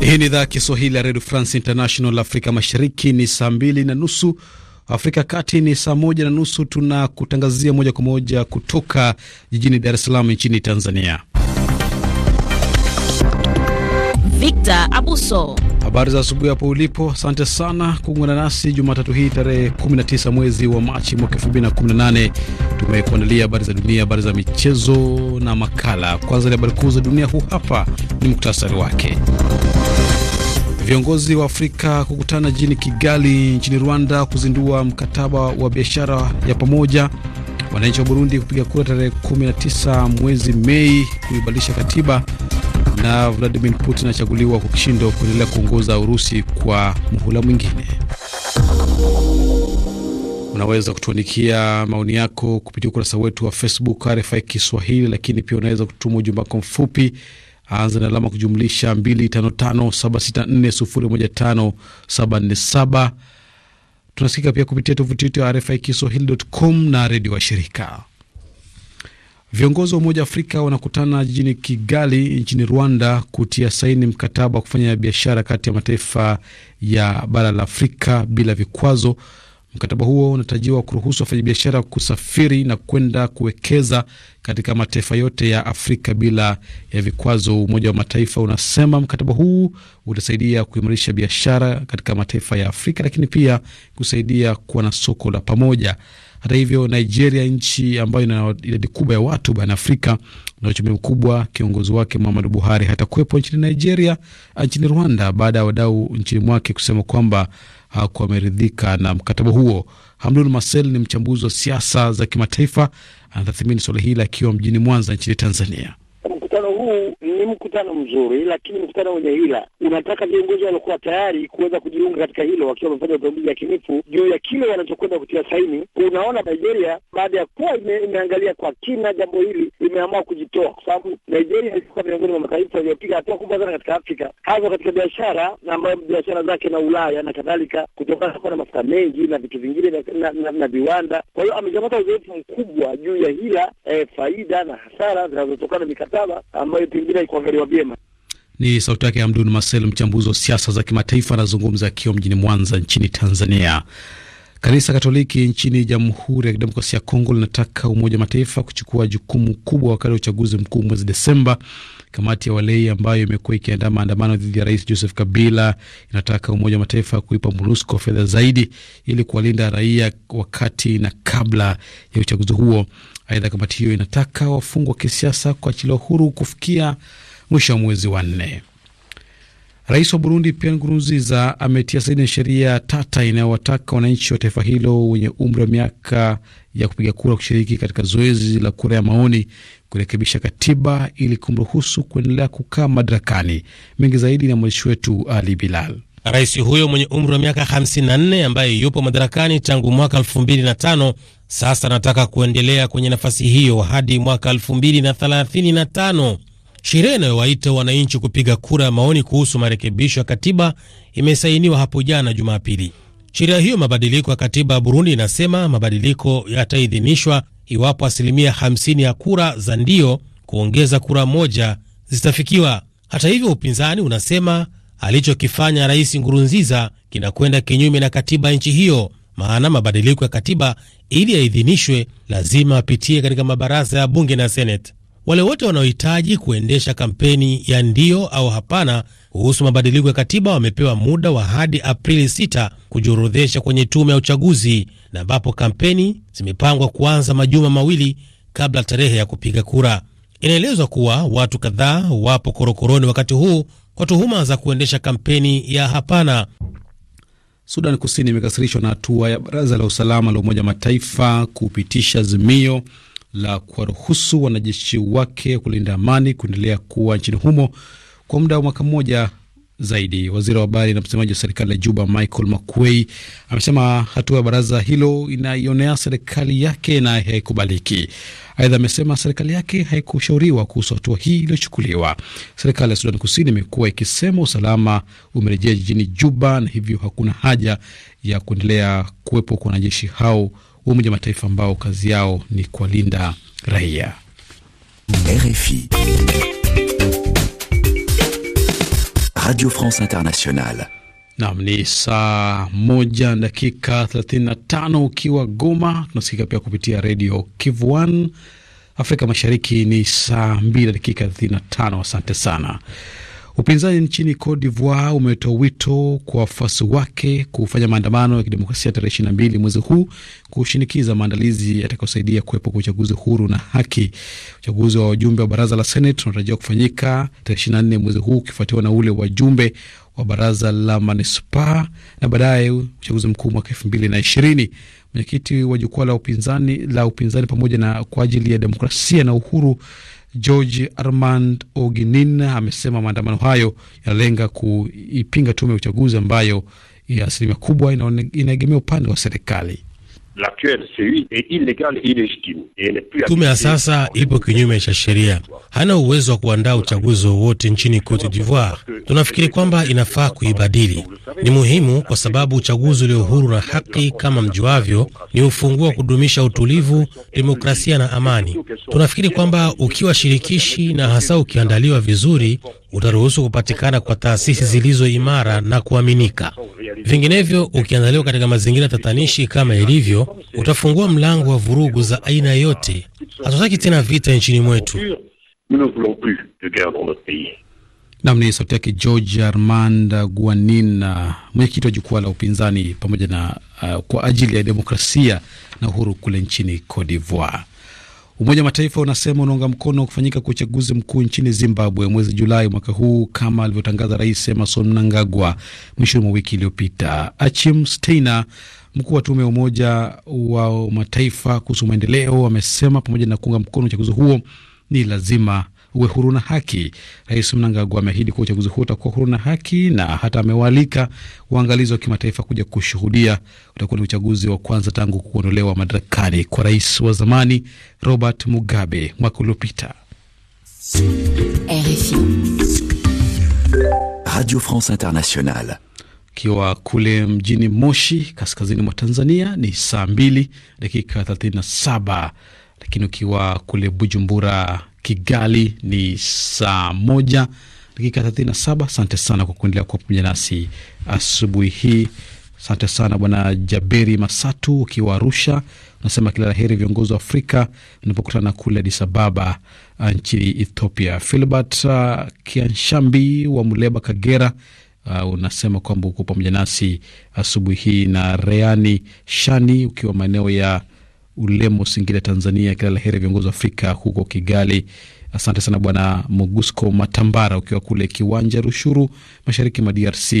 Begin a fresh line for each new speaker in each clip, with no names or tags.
Hii ni idhaa ya Kiswahili ya Redio France International. Afrika Mashariki ni saa mbili na nusu, Afrika Kati ni saa moja na nusu. Tunakutangazia moja kwa moja kutoka jijini Dar es Salaam nchini Tanzania.
Victor Abuso,
habari za asubuhi hapo ulipo. Asante sana kuungana nasi Jumatatu hii tarehe 19 mwezi wa Machi mwaka 2018. Tumekuandalia habari za dunia, habari za michezo na makala. Kwanza ni habari kuu za dunia, huu hapa ni muktasari wake. Viongozi wa Afrika kukutana jijini Kigali nchini Rwanda kuzindua mkataba wa biashara ya pamoja. Wananchi wa Burundi kupiga kura tarehe 19 mwezi Mei kuibadilisha katiba, na Vladimir Putin achaguliwa kwa kishindo kuendelea kuongoza Urusi kwa muhula mwingine. Unaweza kutuandikia maoni yako kupitia ukurasa wetu wa Facebook RFI Kiswahili, lakini pia unaweza kutuma ujumbe wako mfupi anza na alama kujumlisha 255764015747. Tunasikika pia kupitia tovuti yetu ya RFI Kiswahili.com na redio wa shirika. Viongozi wa Umoja wa Afrika wanakutana jijini Kigali nchini Rwanda kutia saini mkataba wa kufanya biashara kati ya mataifa ya bara la Afrika bila vikwazo. Mkataba huo unatarajiwa kuruhusu wafanyabiashara kusafiri na kwenda kuwekeza katika mataifa yote ya Afrika bila ya vikwazo. Umoja wa Mataifa unasema mkataba huu utasaidia kuimarisha biashara katika mataifa ya Afrika, lakini pia kusaidia kuwa na soko la pamoja. Hata hivyo, Nigeria, nchi ambayo ina idadi kubwa ya watu barani Afrika na uchumi mkubwa, kiongozi wake Muhammadu Buhari hatakuwepo nchini Nigeria, nchini Rwanda baada ya wadau nchini mwake kusema kwamba hawakuwa wameridhika na mkataba huo. Hamdun Marcel ni mchambuzi wa siasa za kimataifa, anatathmini suala hili akiwa mjini Mwanza nchini Tanzania
mkutano huu ni mkutano mzuri, lakini mkutano wenye hila. Unataka viongozi waliokuwa tayari kuweza kujiunga katika hilo wakiwa wamefanya utambuzi yakinifu juu ya kile wanachokwenda kutia saini. Unaona, Nigeria baada ya kuwa ime, imeangalia kwa kina jambo hili imeamua kujitoa, kwa sababu Nigeria ilikuwa miongoni mwa mataifa yaliyopiga hatua kubwa sana katika Afrika, hasa katika biashara ambayo biashara zake na Ulaya na kadhalika, kutokana kuwa na mafuta mengi na vitu vingine na, viwanda. Kwa hiyo amejapata uzoefu mkubwa juu ya hila, eh, faida na hasara zinazotokana na mikataba ambayo pengine haikuangaliwa vyema.
Ni sauti yake Hamdun Marcel, mchambuzi wa siasa za kimataifa, anazungumza akiwa mjini Mwanza nchini Tanzania. Kanisa Katoliki nchini Jamhuri ya Kidemokrasia ya Kongo linataka Umoja wa Mataifa kuchukua jukumu kubwa wakati wa uchaguzi mkuu mwezi Desemba. Kamati ya walei ambayo imekuwa ikiandaa maandamano dhidi ya Rais Joseph Kabila inataka Umoja wa Mataifa kuipa MONUSCO fedha zaidi ili kuwalinda raia wakati na kabla ya uchaguzi huo. Aidha, kamati hiyo inataka wafungwa wa kisiasa kuachiliwa huru kufikia mwisho wa mwezi wa nne. Rais wa Burundi Pierre Nkurunziza ametia saini sheria tata inayowataka wananchi wa taifa hilo wenye umri wa miaka ya kupiga kura kushiriki katika zoezi la kura ya maoni kurekebisha katiba ili kumruhusu kuendelea kukaa madarakani. Mengi zaidi na mwandishi wetu Ali Bilal.
Rais huyo mwenye umri wa miaka 54 ambaye yupo madarakani tangu mwaka 2005 sasa anataka kuendelea kwenye nafasi hiyo hadi mwaka 2035. Sheria inayowaita wananchi kupiga kura ya maoni kuhusu marekebisho ya katiba imesainiwa hapo jana Jumapili. Sheria hiyo mabadiliko ya katiba ya Burundi inasema mabadiliko yataidhinishwa iwapo asilimia 50 ya kura za ndio kuongeza kura moja zitafikiwa. Hata hivyo, upinzani unasema alichokifanya Rais Ngurunziza kinakwenda kinyume na katiba ya nchi hiyo, maana mabadiliko ya katiba ili yaidhinishwe lazima apitie katika mabaraza ya bunge na seneti wale wote wanaohitaji kuendesha kampeni ya ndio au hapana kuhusu mabadiliko ya katiba wamepewa muda wa hadi Aprili 6 kujiorodhesha kwenye tume ya uchaguzi, na ambapo kampeni zimepangwa kuanza majuma mawili kabla tarehe ya kupiga kura. Inaelezwa kuwa watu kadhaa wapo korokoroni wakati huu kwa tuhuma za kuendesha kampeni ya hapana. Sudan Kusini imekasirishwa na hatua ya Baraza la Usalama
la Umoja Mataifa kupitisha azimio la kuwaruhusu wanajeshi wake kulinda amani kuendelea kuwa nchini humo kwa muda wa mwaka mmoja zaidi. Waziri wa habari na msemaji wa serikali ya Juba, Michael Makuei, amesema hatua ya baraza hilo inaionea serikali yake na haikubaliki. Aidha, amesema serikali yake haikushauriwa kuhusu hatua hii iliyochukuliwa. Serikali ya Sudan Kusini imekuwa ikisema usalama umerejea jijini Juba na hivyo hakuna haja ya kuendelea kuwepo kwa wanajeshi hao wa Umoja Mataifa ambao kazi yao ni kuwalinda raia.
RFI Radio France Internationale.
Nam ni saa moja dakika 35 ukiwa Goma, tunasikika pia kupitia redio Kivuan. Afrika Mashariki ni saa 2 dakika 35. Asante sana. Upinzani nchini Cote d'Ivoire umetoa wito kwa wafuasi wake kufanya maandamano ya kidemokrasia tarehe ishirini na mbili mwezi huu kushinikiza maandalizi yatakayosaidia kuwepo kwa uchaguzi huru na haki. Uchaguzi wa wajumbe wa baraza la Senate unatarajiwa kufanyika tarehe ishirini na nne mwezi huu ukifuatiwa na ule wajumbe wa baraza la manispa na baadaye uchaguzi mkuu mwaka elfu mbili na ishirini. Mwenyekiti wa jukwaa la upinzani la upinzani pamoja na kwa ajili ya demokrasia na uhuru George Armand Oginin amesema maandamano hayo yanalenga kuipinga tume ya uchaguzi ambayo asilimia kubwa inaegemea upande wa serikali.
L'actuelle CEI est illégal et illégitime.
Tume ya sasa ipo kinyume cha sheria, hana uwezo wa kuandaa uchaguzi wowote nchini Cote d'Ivoire. Tunafikiri kwamba inafaa kuibadili. Ni muhimu kwa sababu uchaguzi ulio huru na haki, kama mjuavyo, ni ufunguo wa kudumisha utulivu, demokrasia na amani. Tunafikiri kwamba ukiwa shirikishi na hasa ukiandaliwa vizuri, utaruhusu kupatikana kwa taasisi zilizo imara na kuaminika. Vinginevyo, ukiandaliwa katika mazingira tatanishi kama ilivyo hivyo utafungua mlango wa vurugu za aina yote. Hatutaki tena vita nchini mwetu. Nam ni sauti yake George Armand
Guanin, mwenyekiti wa jukwaa la upinzani pamoja na uh, kwa ajili ya demokrasia na uhuru kule nchini Cote d'Ivoire. Umoja wa Mataifa unasema unaunga mkono kufanyika kwa uchaguzi mkuu nchini Zimbabwe mwezi Julai mwaka huu kama alivyotangaza Rais Emerson Mnangagwa mwishoni mwa wiki iliyopita. Achim Steiner Mkuu wa tume ya Umoja wa Mataifa kuhusu maendeleo amesema pamoja na kuunga mkono uchaguzi huo ni lazima uwe huru na haki. Rais Mnangagwa ameahidi kuwa uchaguzi huo utakuwa huru na haki, na hata amewaalika waangalizi wa kimataifa kuja kushuhudia. Utakuwa ni uchaguzi wa kwanza tangu kuondolewa madarakani kwa rais wa zamani Robert Mugabe mwaka uliopita. Radio France Internationale ukiwa kule mjini Moshi, kaskazini mwa Tanzania ni saa b dakika 37, lakini ukiwa kule Bujumbura, Kigali ni saa moja dakika 37. Asante sana kwa kuendelea kuwa pamoja nasi asubuhi hii. Asante sana Bwana Jaberi Masatu ukiwa Arusha, unasema kila laheri viongozi wa Afrika unapokutana kule Addis Ababa nchini Ethiopia. Filbert uh, Kianshambi wa Muleba, Kagera uh, unasema kwamba uko pamoja nasi asubuhi hii, na Reani Shani ukiwa maeneo ya Ulemo, Singida, Tanzania. Kila laheri viongozi wa Afrika huko Kigali. Asante sana Bwana Mugusko Matambara ukiwa kule Kiwanja Rushuru, mashariki mwa DRC.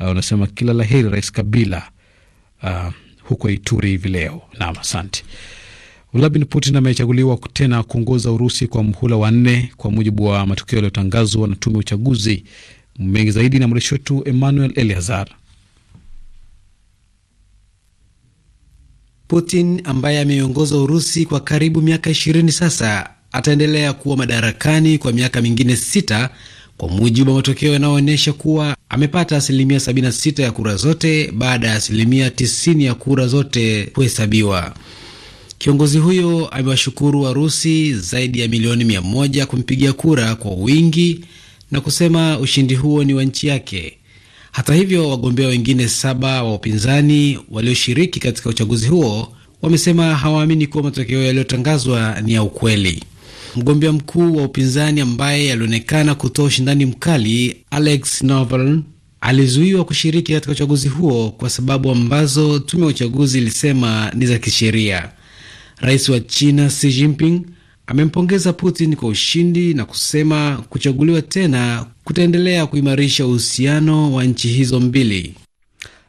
Uh, unasema kila laheri Rais Kabila uh, huko Ituri hivi leo. Naam, asante. Vladimir Putin amechaguliwa tena kuongoza Urusi kwa mhula wa nne kwa mujibu wa matokeo yaliyotangazwa na tume ya uchaguzi Mengi zaidi na mwandishi wetu Emmanuel Eleazar. Putin ambaye ameiongoza Urusi kwa karibu miaka 20 sasa ataendelea kuwa madarakani kwa miaka mingine sita kwa mujibu wa matokeo yanayoonyesha kuwa amepata asilimia 76 ya kura zote baada ya asilimia 90 ya kura zote kuhesabiwa. Kiongozi huyo amewashukuru Warusi zaidi ya milioni 100 kumpigia kura kwa wingi na kusema ushindi huo ni wa nchi yake. Hata hivyo, wagombea wengine saba wa upinzani walioshiriki katika uchaguzi huo wamesema hawaamini kuwa matokeo yaliyotangazwa ni ya ukweli. Mgombea mkuu wa upinzani ambaye alionekana kutoa ushindani mkali, Alex Novel, alizuiwa kushiriki katika uchaguzi huo kwa sababu ambazo tume ya uchaguzi ilisema ni za kisheria. Rais wa China Xi Jinping amempongeza Putin kwa ushindi na kusema kuchaguliwa tena kutaendelea kuimarisha uhusiano wa nchi hizo mbili.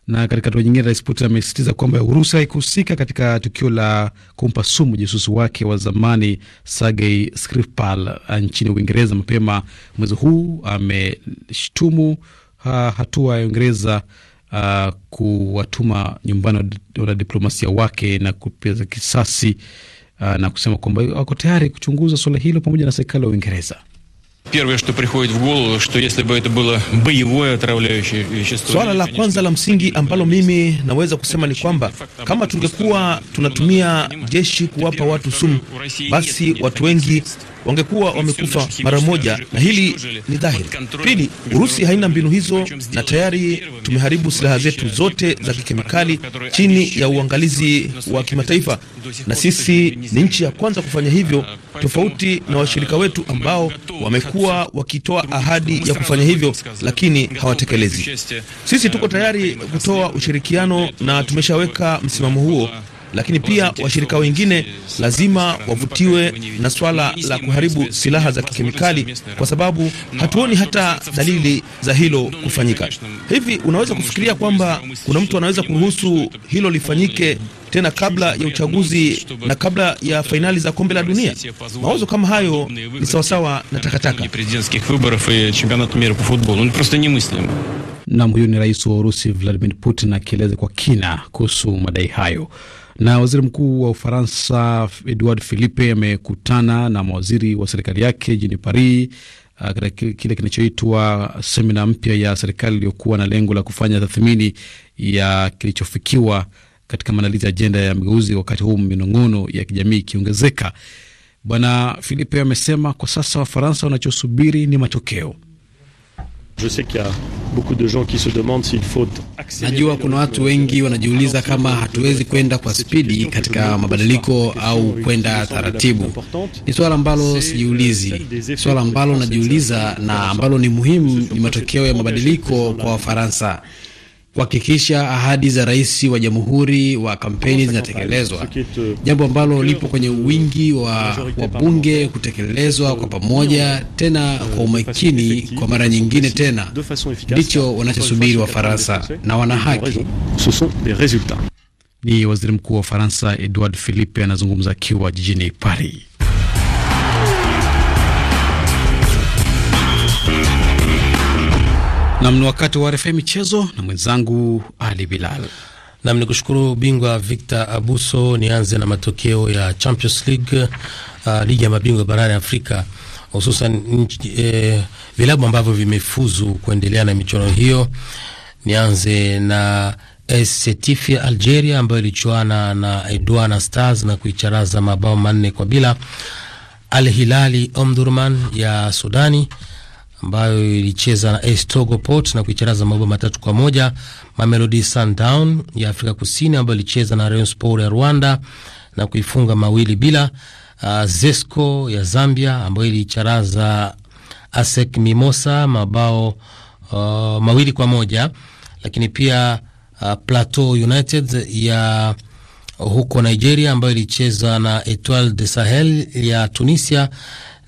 Na katika hatua nyingine, Rais Putin amesisitiza kwamba Urusi haikuhusika katika tukio la kumpa sumu jasusi wake wa zamani Sergei Skripal ah, nchini Uingereza. Mapema mwezi huu ameshtumu ha, ah, hatua ya Uingereza uh, kuwatuma nyumbani wanadiplomasia wake na kupeza kisasi Ah, na kusema kwamba wako tayari kuchunguza suala hilo pamoja na serikali
ya Uingereza. Swala la kwanza la msingi ambalo mimi naweza kusema ni kwamba kama tungekuwa tunatumia jeshi kuwapa watu sumu, basi watu wengi wangekuwa wamekufa mara moja, na hili ni dhahiri. Pili, Urusi haina mbinu hizo, na tayari tumeharibu silaha zetu zote za kikemikali chini ya uangalizi wa kimataifa, na sisi ni nchi ya kwanza kufanya hivyo, tofauti na washirika wetu ambao wamekuwa wakitoa ahadi ya kufanya hivyo, lakini hawatekelezi. Sisi tuko tayari kutoa ushirikiano na tumeshaweka msimamo huo lakini pia washirika wengine lazima wavutiwe na swala la kuharibu silaha za kikemikali, kwa sababu hatuoni hata dalili za hilo kufanyika. Hivi unaweza kufikiria kwamba kuna mtu anaweza kuruhusu hilo lifanyike tena kabla ya uchaguzi na kabla ya fainali za kombe la dunia. Mawazo kama hayo ni sawasawa na takataka.
Nam, huyu ni rais wa Urusi Vladimir Putin akieleza kwa kina kuhusu madai hayo. Na waziri mkuu wa Ufaransa Edouard Philippe amekutana na mawaziri wa serikali yake jijini Paris uh, katika kile kinachoitwa semina mpya ya serikali iliyokuwa na lengo la kufanya tathmini ya kilichofikiwa katika maandalizi ya ajenda ya mageuzi, wakati huu minong'ono ya kijamii ikiongezeka. Bwana Philippe amesema kwa sasa Wafaransa wanachosubiri ni matokeo. Najua kuna watu wengi wanajiuliza kama hatuwezi kwenda kwa spidi katika mabadiliko au kwenda taratibu. Ni swala ambalo sijiulizi. Swala ambalo najiuliza na ambalo ni muhimu ni matokeo ya mabadiliko kwa Wafaransa kuhakikisha ahadi za rais wa jamhuri wa kampeni zinatekelezwa, jambo ambalo lipo kwenye wingi wa wabunge
kutekelezwa
kwa pamoja, tena eh, kwa umakini, kwa mara nyingine tena. Ndicho wanachosubiri Wafaransa na wana haki. Ni waziri mkuu wa Faransa Edouard Philippe anazungumza akiwa jijini Paris. Nam ni wakati wa RFI
michezo na mwenzangu
Ali Bilal.
Nam ni kushukuru bingwa Victor Abuso. Nianze na matokeo ya Champions League, uh, ligi ya mabingwa barani Afrika, hususan eh, vilabu ambavyo vimefuzu kuendelea na michuano hiyo. Nianze na AS Setif ya Algeria ambayo ilichuana na Edwana Stars na kuicharaza mabao manne kwa bila. Al Hilali Omdurman ya Sudani ambayo ilicheza na AS Togo Port na kuicharaza mabao matatu kwa moja. Mamelodi Sundown ya Afrika Kusini ambayo ilicheza na Rayon Sport ya Rwanda na kuifunga mawili bila. Uh, Zesco ya Zambia ambayo ilicharaza ASEC Mimosa mabao uh, mawili kwa moja, lakini pia uh, Plateau United ya huko Nigeria ambayo ilicheza na Etoile de Sahel ya Tunisia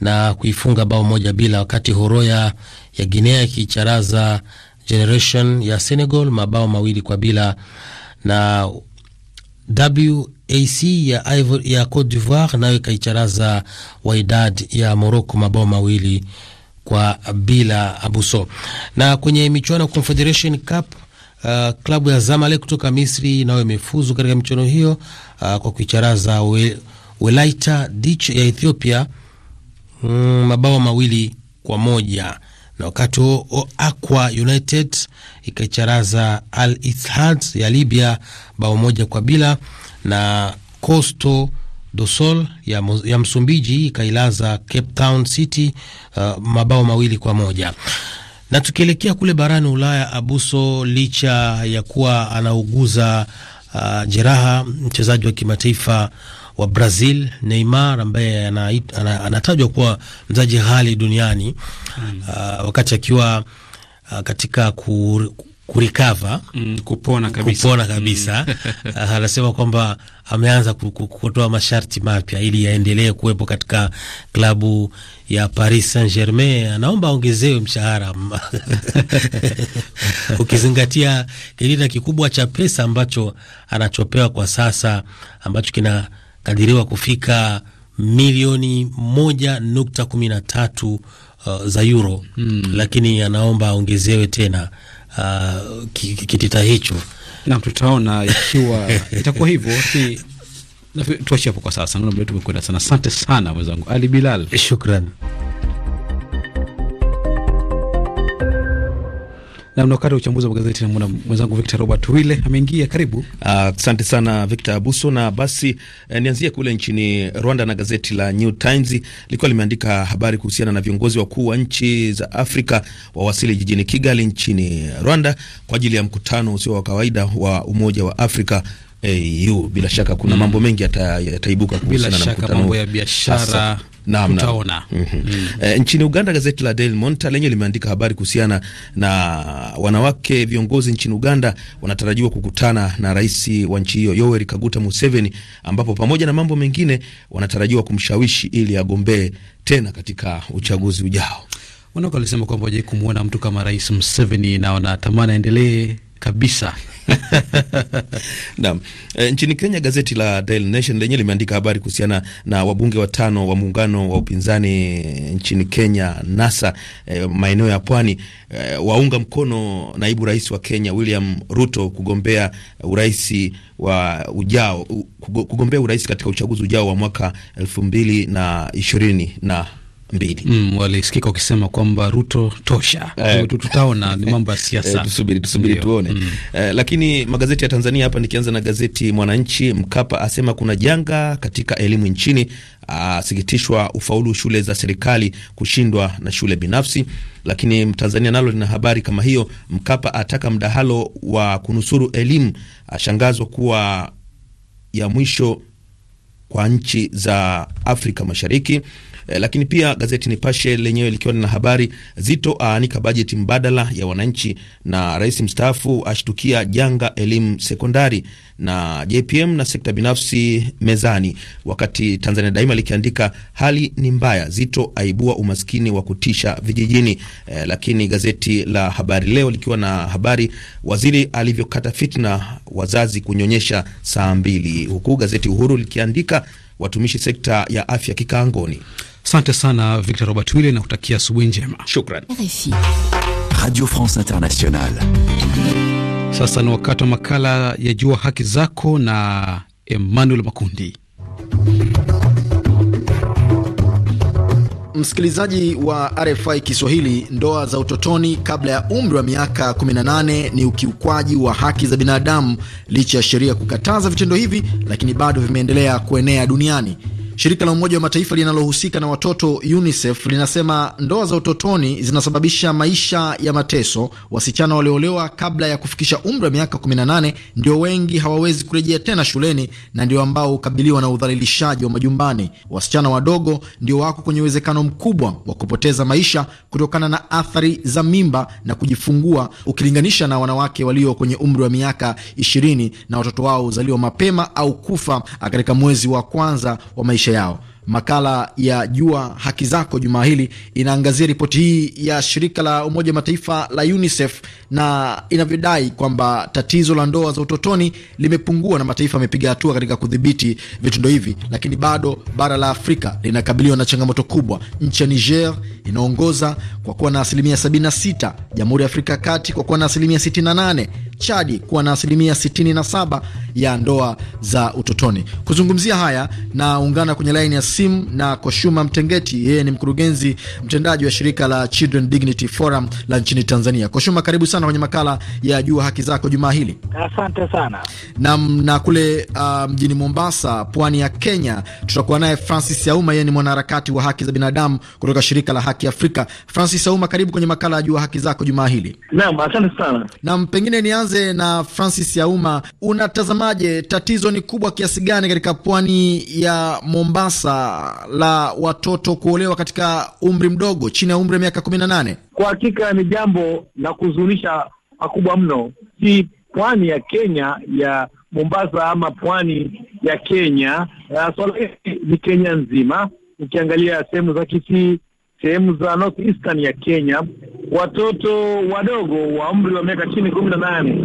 na kuifunga bao moja bila, wakati Horoya ya Guinea ikiicharaza Generation ya Senegal mabao mawili kwa bila, na WAC ya ya Cote d'Ivoire nayo ikaicharaza Wydad ya Morocco mabao mawili kwa bila abuso. Na kwenye michuano ya Confederation Cup Uh, klabu ya Zamalek kutoka Misri nayo imefuzu katika michuano hiyo uh, kwa kuicharaza Welaita Dich ya Ethiopia mm, mabao mawili kwa moja na wakati huo Aqua United ikaicharaza Al Ittihad ya Libya bao moja kwa bila, na Costo do Sol ya, ya Msumbiji ikailaza Cape Town City uh, mabao mawili kwa moja. Na tukielekea kule barani Ulaya, Abuso licha ya kuwa anauguza uh, jeraha mchezaji wa kimataifa wa Brazil, Neymar ambaye anatajwa kuwa mchezaji ghali duniani mm. uh, wakati akiwa uh, katika ku, kurikava mm, kupona kabisa, kupona mm. kabisa. Mm. anasema kwamba ameanza kutoa masharti mapya ili aendelee kuwepo katika klabu ya Paris Saint-Germain. Anaomba ongezewe mshahara ukizingatia kilina kikubwa cha pesa ambacho anachopewa kwa sasa ambacho kina inakadiriwa kufika milioni moja nukta kumi na tatu uh, za euro mm. Lakini anaomba aongezewe tena uh, kitita hicho, na tutaona ikiwa itakuwa hivyo si
tuache hapo kwa sasa, tumekuenda sana. Asante sana mwenzangu Ali Bilal, shukran. Namna wakati wa uchambuzi
wa magazeti, namwona mwenzangu Victor Robert Wile ameingia. Karibu. Asante uh, sana Victor Abuso. Na basi eh, nianzie kule nchini Rwanda na gazeti la New Times likiwa limeandika habari kuhusiana na viongozi wakuu wa nchi za Afrika wawasili jijini Kigali nchini Rwanda kwa ajili ya mkutano usio wa kawaida wa Umoja wa Afrika AU. Bila shaka kuna mm. mambo mengi yataibuka kuhusiana na mkutano, bila shaka mambo ya biashara tutaona mhm. mm -hmm. mm -hmm. E, nchini Uganda gazeti la Daily Monitor lenye limeandika habari kuhusiana na wanawake viongozi nchini Uganda wanatarajiwa kukutana na rais wa nchi hiyo Yoweri Kaguta Museveni, ambapo pamoja na mambo mengine wanatarajiwa kumshawishi ili agombee tena katika uchaguzi ujao.
Wanawake walisema kwamba wajai kumwona mtu kama Rais Museveni na wanatamani aendelee kabisa
Naam. E, nchini Kenya gazeti la Daily Nation lenyewe limeandika habari kuhusiana na wabunge watano wa muungano wa upinzani nchini Kenya NASA, e, maeneo ya pwani e, waunga mkono naibu rais wa Kenya William Ruto kugombea uraisi wa ujao, kugombea urais katika uchaguzi ujao wa mwaka elfu mbili na ishirini na mbili. Mm, walisikika wakisema kwamba Ruto tosha. Eh, tutaona ni mambo ya eh, siasa. Eh, tusubiri tusubiri tuone. Mm. Eh, lakini magazeti ya Tanzania hapa nikianza na gazeti Mwananchi, Mkapa asema kuna janga katika elimu nchini, asikitishwa ufaulu shule za serikali kushindwa na shule binafsi. Lakini Mtanzania nalo lina habari kama hiyo, Mkapa ataka mdahalo wa kunusuru elimu, ashangazwa kuwa ya mwisho kwa nchi za Afrika Mashariki. Eh, lakini pia gazeti Nipashe lenyewe likiwa lina habari Zito aanika ah, bajeti mbadala ya wananchi, na rais mstaafu ashtukia janga elimu sekondari, na JPM na sekta binafsi mezani, wakati Tanzania Daima likiandika hali ni mbaya, Zito aibua umaskini wa kutisha vijijini. Eh, lakini gazeti la Habari Leo likiwa na habari waziri alivyokata fitna wazazi kunyonyesha saa mbili, huku gazeti Uhuru likiandika watumishi sekta ya afya kikaangoni. Asante sana Victor Robert Wille na kutakia asubuhi njema, shukran. Radio France Internationale.
Sasa ni wakati wa makala ya Jua Haki Zako na Emmanuel
Makundi.
Msikilizaji wa RFI Kiswahili, ndoa za utotoni kabla ya umri wa miaka 18 ni ukiukwaji wa haki za binadamu. Licha ya sheria kukataza vitendo hivi, lakini bado vimeendelea kuenea duniani. Shirika la Umoja wa Mataifa linalohusika na watoto UNICEF linasema ndoa za utotoni zinasababisha maisha ya mateso. Wasichana walioolewa kabla ya kufikisha umri wa miaka 18 ndio wengi hawawezi kurejea tena shuleni na ndio ambao hukabiliwa na udhalilishaji wa majumbani. Wasichana wadogo ndio wako kwenye uwezekano mkubwa wa kupoteza maisha kutokana na athari za mimba na kujifungua ukilinganisha na wanawake walio kwenye umri wa miaka 20 na watoto wao huzaliwa mapema au kufa katika mwezi wa kwanza wa maisha real. Makala ya Jua Haki Zako jumaa hili inaangazia ripoti hii ya shirika la Umoja Mataifa la UNICEF na inavyodai kwamba tatizo la ndoa za utotoni limepungua na mataifa yamepiga hatua katika kudhibiti vitendo hivi, lakini bado bara la Afrika linakabiliwa na changamoto kubwa. Nchi ya Niger inaongoza kwa kuwa na asilimia 76, Jamhuri ya Afrika ya Kati kwa kuwa na asilimia 68, Chadi kuwa na asilimia 67 ya ndoa za utotoni. Kuzungumzia haya naungana kwenye laini ya Kasim na Koshuma Mtengeti, yeye ni mkurugenzi mtendaji wa shirika la Children Dignity Forum la nchini Tanzania. Koshuma, karibu sana kwenye makala ya Jua Haki Zako jumaa hili. Asante sana nam. Na kule uh, mjini Mombasa, pwani ya Kenya, tutakuwa naye Francis Auma, yeye ni mwanaharakati wa haki za binadamu kutoka shirika la Haki Afrika. Francis Auma, karibu kwenye makala ya Jua Haki Zako jumaa hili. Naam, asante sana nam. Pengine nianze na Francis Auma, unatazamaje, tatizo ni kubwa kiasi gani katika pwani ya Mombasa? la watoto kuolewa katika umri mdogo chini ya umri wa miaka kumi na nane kwa hakika ni jambo la kuhuzunisha pakubwa
mno, si pwani ya Kenya ya Mombasa ama pwani ya Kenya. Uh, swala hili ni Kenya nzima. Ukiangalia sehemu za Kisii, sehemu za north eastern ya Kenya, watoto wadogo wa umri wa miaka chini kumi na nane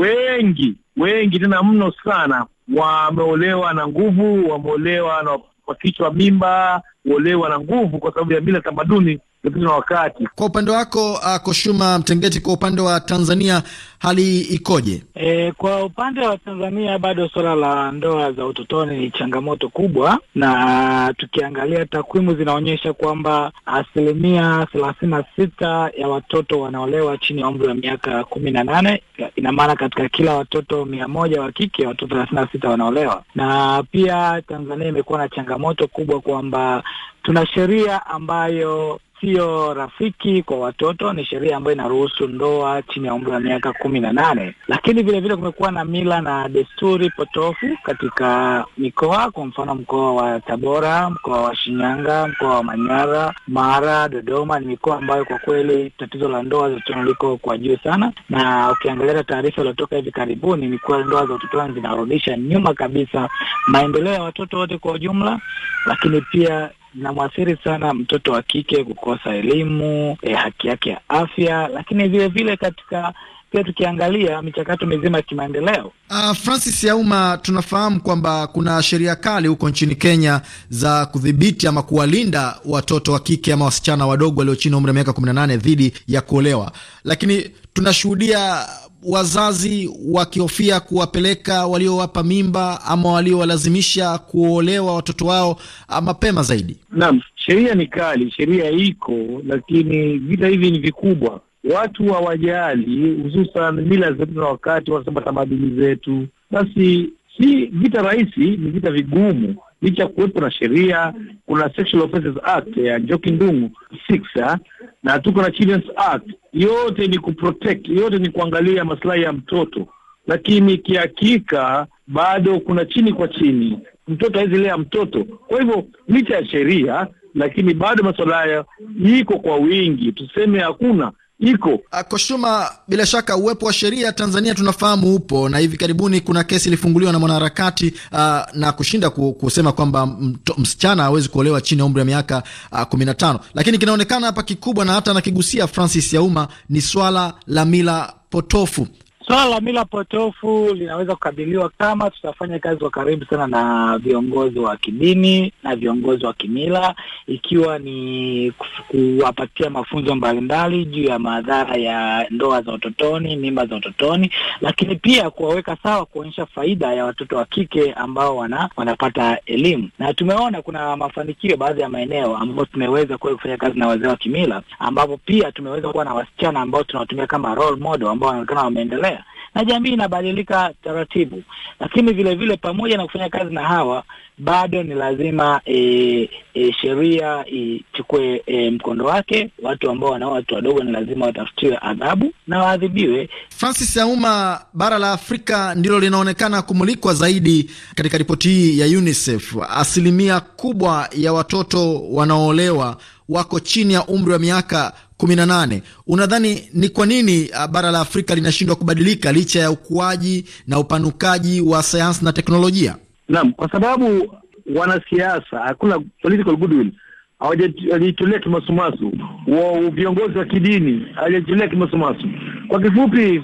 wengi wengi tena mno sana wameolewa na nguvu, wameolewa na wakichwa mimba, kuolewa na nguvu, kwa sababu ya mila
tamaduni lakini wakati. Kwa upande wako uh, Koshuma Mtengeti, kwa upande wa Tanzania hali ikoje?
E, kwa upande wa Tanzania bado suala la ndoa za utotoni ni changamoto kubwa, na tukiangalia takwimu zinaonyesha kwamba asilimia thelathini na sita ya watoto wanaolewa chini ya umri wa miaka kumi na nane. Ina maana katika kila watoto mia moja wa kike watoto thelathini na sita wanaolewa, na pia Tanzania imekuwa na changamoto kubwa kwamba tuna sheria ambayo sio rafiki kwa watoto. Ni sheria ambayo inaruhusu ndoa chini ya umri wa miaka kumi na nane, lakini vilevile kumekuwa na mila na desturi potofu katika mikoa, kwa mfano mkoa wa Tabora, mkoa wa Shinyanga, mkoa wa Manyara, Mara, Dodoma ni mikoa ambayo kwa kweli tatizo la ndoa za utotoni liko kwa juu sana, na ukiangalia taarifa iliyotoka hivi karibuni ni kuwa ndoa za utotoni zinarudisha nyuma kabisa maendeleo ya watoto wote kwa ujumla, lakini pia inamwathiri sana mtoto wa kike kukosa elimu eh, haki yake ya afya, lakini vile vile katika pia tukiangalia michakato mizima ya kimaendeleo. Uh, Francis Yauma, tunafahamu kwamba kuna
sheria kali huko nchini Kenya za kudhibiti ama kuwalinda watoto wa kike ama wasichana wadogo walio chini ya umri wa miaka nane dhidi ya kuolewa, lakini tunashuhudia wazazi wakihofia kuwapeleka waliowapa mimba ama waliowalazimisha kuolewa watoto wao ah, mapema zaidi. Naam, sheria ni kali, sheria
iko, lakini vita hivi ni vikubwa. Watu hawajali, hususan mila zetu na wakati wanasema tamaduni zetu. Basi si vita rahisi, ni vita vigumu licha ya kuwepo na sheria, kuna Sexual Offences Act ya Njoki Ndung'u six na tuko na Children's Act. Yote ni kuprotect, yote ni kuangalia maslahi ya mtoto, lakini kihakika bado kuna chini kwa chini, mtoto hawezi lea mtoto. Kwa hivyo licha ya sheria, lakini bado masuala hayo
iko kwa wingi, tuseme hakuna iko ah, Koshuma. Bila shaka uwepo wa sheria Tanzania tunafahamu upo, na hivi karibuni kuna kesi ilifunguliwa na mwanaharakati uh, na kushinda kusema kwamba msichana hawezi kuolewa chini ya umri wa miaka uh, kumi na tano, lakini kinaonekana hapa kikubwa na hata anakigusia Francis Yauma ni swala la mila potofu
Swala la mila potofu linaweza kukabiliwa kama tutafanya kazi kwa karibu sana na viongozi wa kidini na viongozi wa kimila, ikiwa ni kuwapatia mafunzo mbalimbali juu ya madhara ya ndoa za utotoni, mimba za utotoni, lakini pia kuwaweka sawa, kuonyesha faida ya watoto wa kike ambao wana, wanapata elimu. Na tumeona kuna mafanikio baadhi ya maeneo ambapo tumeweza kuwa kufanya kazi na wazee wa kimila, ambapo pia tumeweza kuwa na wasichana ambao tunawatumia kama role model ambao wanaonekana wameendelea haya, na jamii inabadilika taratibu, lakini vile vile pamoja na kufanya kazi na hawa bado ni lazima e, e, sheria ichukue e, mkondo wake. Watu ambao wanao watu wadogo ni lazima watafutiwe adhabu na waadhibiwe. Francis Auma, bara la Afrika ndilo
linaonekana kumulikwa zaidi katika ripoti hii ya UNICEF. Asilimia kubwa ya watoto wanaoolewa wako chini ya umri wa miaka 18 unadhani ni kwa nini uh, bara la Afrika linashindwa kubadilika licha ya ukuaji na upanukaji wa sayansi na teknolojia? Naam, kwa sababu wanasiasa hakuna political goodwill, hawajajitolea
kimasumasu. Viongozi wa kidini hawajajitolea kimasumasu. Kwa kifupi,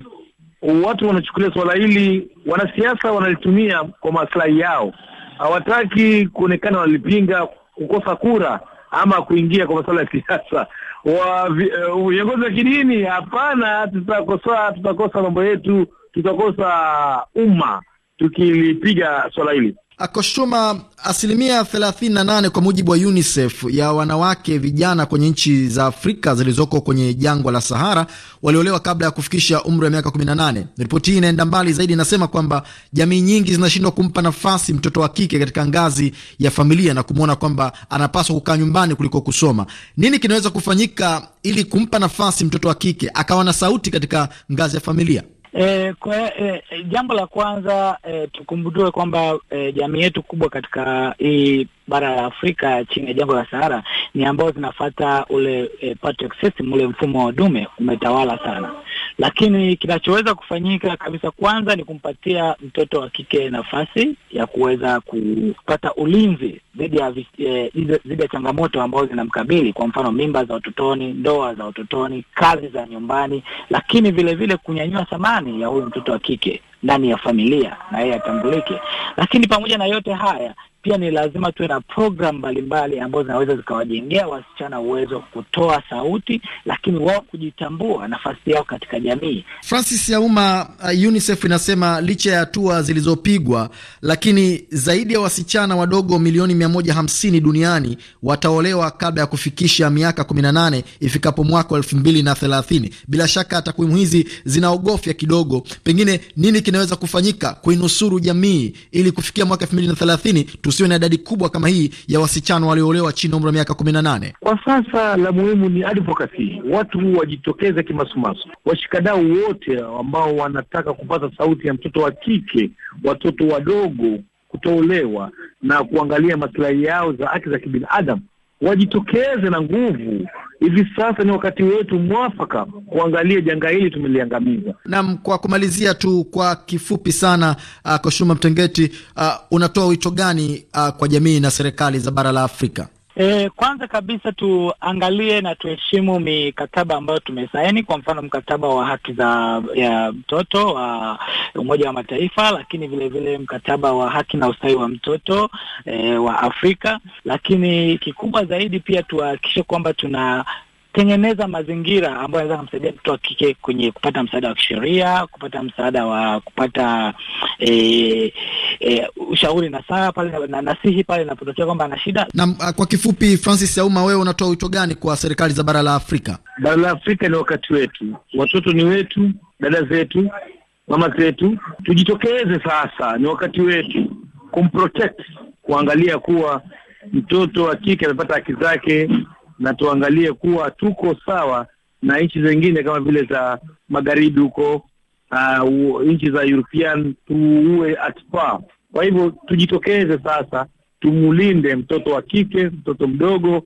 watu wanachukulia swala hili, wanasiasa wanalitumia kwa maslahi yao, hawataki kuonekana wanalipinga, kukosa kura ama kuingia kwa masuala ya siasa wa eh, viongozi wa kidini hapana, tutakosa tutakosa mambo yetu, tutakosa umma tukilipiga swala hili
akoshuma asilimia 38 kwa mujibu wa UNICEF ya wanawake vijana kwenye nchi za Afrika zilizoko kwenye jangwa la Sahara waliolewa kabla ya kufikisha umri wa miaka 18. Ripoti hii inaenda mbali zaidi, inasema kwamba jamii nyingi zinashindwa kumpa nafasi mtoto wa kike katika ngazi ya familia na kumwona kwamba anapaswa kukaa nyumbani kuliko kusoma. Nini kinaweza kufanyika ili kumpa nafasi mtoto wa kike akawa na sauti katika ngazi ya familia?
E, kwa, e, jambo la kwanza e, eh, tukumbudue kwamba e, jamii yetu kubwa katika hii bara la Afrika chini ya jangwa la Sahara ni ambao zinafata ule e, patriarch system, ule mfumo wa dume umetawala sana, lakini kinachoweza kufanyika kabisa kwanza ni kumpatia mtoto wa kike nafasi ya kuweza kupata ulinzi dhidi ya e, dhidi ya changamoto ambazo zinamkabili, kwa mfano mimba za utotoni, ndoa za utotoni, kazi za nyumbani, lakini vile vile kunyanyua thamani ya huyu mtoto wa kike ndani ya familia na yeye atambulike. Lakini pamoja na yote haya, pia ni lazima tuwe na programu mbalimbali ambazo zinaweza zikawajengea wasichana uwezo wa kutoa sauti, lakini wao kujitambua nafasi yao katika jamii. Francis
Yauma, uh, UNICEF inasema licha ya hatua zilizopigwa, lakini zaidi ya wasichana wadogo milioni mia moja hamsini duniani wataolewa kabla ya kufikisha miaka kumi na nane ifikapo mwaka elfu mbili na thelathini. Bila shaka takwimu hizi zinaogofya kidogo. Pengine nini kinaweza kufanyika kuinusuru jamii ili kufikia mwaka elfu mbili na thelathini tusiwe na idadi kubwa kama hii ya wasichana walioolewa chini ya umri wa miaka kumi na nane.
Kwa sasa la muhimu ni advocacy, watu wajitokeze kimasumasu, washikadau wote ambao wanataka kupata sauti ya mtoto wa kike, watoto wadogo kutoolewa na kuangalia maslahi yao za haki za kibinadamu wajitokeze na nguvu. Hivi sasa ni wakati wetu mwafaka kuangalia janga hili tumeliangamiza.
Naam, kwa kumalizia tu kwa kifupi sana, uh, ah, Koshuma Mtengeti, uh, unatoa wito gani uh, kwa jamii na serikali za bara la Afrika?
E, kwanza kabisa tuangalie na tuheshimu mikataba ambayo tumesaini, kwa mfano mkataba wa haki za ya mtoto wa Umoja wa Mataifa, lakini vile vile mkataba wa haki na ustawi wa mtoto e, wa Afrika. Lakini kikubwa zaidi pia tuhakikishe kwamba tuna tengeneza mazingira ambayo anaweza kumsaidia mtoto wa kike kwenye kupata msaada wa kisheria, kupata msaada wa kupata e, e, ushauri na saa pale na nasihi pale inapotokea kwamba ana shida.
Na uh, kwa kifupi, Francis Auma, wewe unatoa wito gani kwa serikali za bara la Afrika?
Bara la Afrika ni wakati wetu, watoto ni wetu, dada zetu, mama zetu, tujitokeze sasa, ni wakati wetu kumprotect, kuangalia kuwa mtoto wa kike amepata haki zake na tuangalie kuwa tuko sawa na nchi zingine kama vile za magharibi huko, uh, nchi za European tuue at par. Kwa hivyo tujitokeze sasa, tumulinde mtoto wa kike, mtoto mdogo,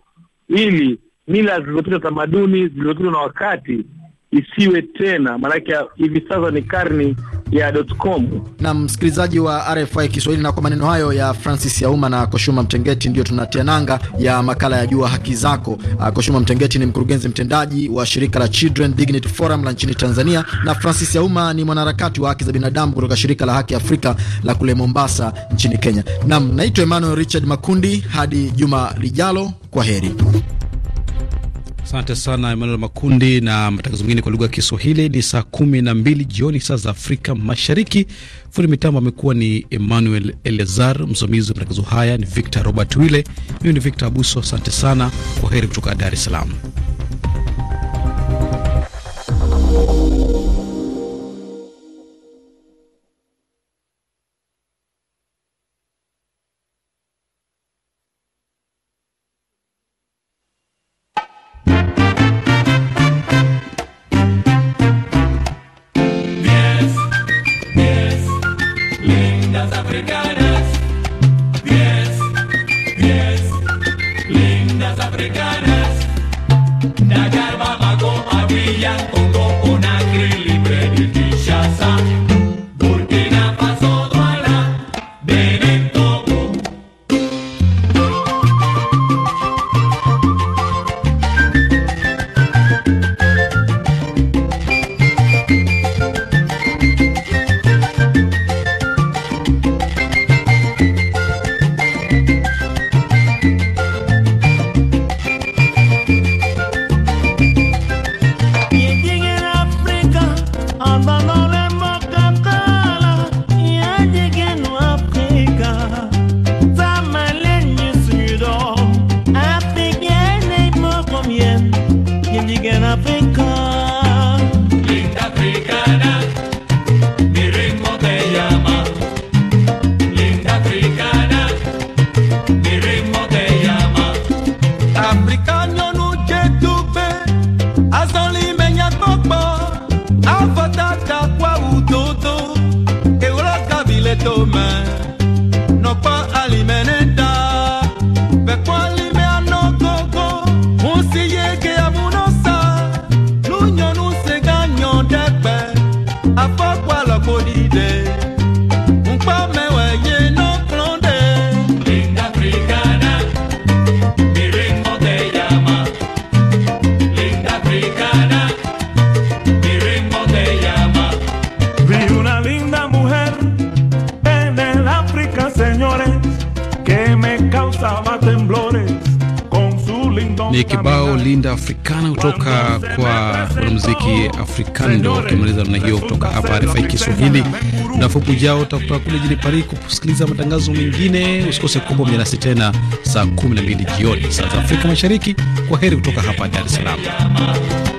ili mila zilizopitwa tamaduni, zilizopitwa na wakati isiwe tena, maanake hivi sasa ni
karni ya com. Na msikilizaji wa RFI Kiswahili, na kwa maneno hayo ya Francis Yauma na Koshuma Mtengeti, ndio tunatia nanga ya makala ya Jua Haki Zako. Ah, Koshuma Mtengeti ni mkurugenzi mtendaji wa shirika la Children Dignity Forum la nchini Tanzania, na Francis Yauma ni mwanaharakati wa haki za binadamu kutoka shirika la Haki Afrika la kule Mombasa nchini Kenya. Nam, naitwa Emmanuel Richard Makundi. Hadi juma lijalo, kwa heri.
Asante sana Emmanuel Makundi. Na matangazo mengine kwa lugha ya Kiswahili ni saa kumi na mbili jioni saa za Afrika Mashariki. Fundi mitambo amekuwa ni Emmanuel Elezar, msimamizi wa matangazo haya ni Victor Robert Wille, mimi ni Victor Abuso. Asante sana, kwa heri kutoka Dar es Salaam. Africana kutoka kwa mwanamuziki Africando, wakimaliza namna hiyo kutoka hapa RFI Kiswahili. Na fupu ujao utakutoka kule jini Paris kusikiliza matangazo mengine. Usikose kuwa pamoja nasi tena saa 12 jioni saa za Afrika Mashariki. Kwa heri kutoka hapa Dar
es Salaam.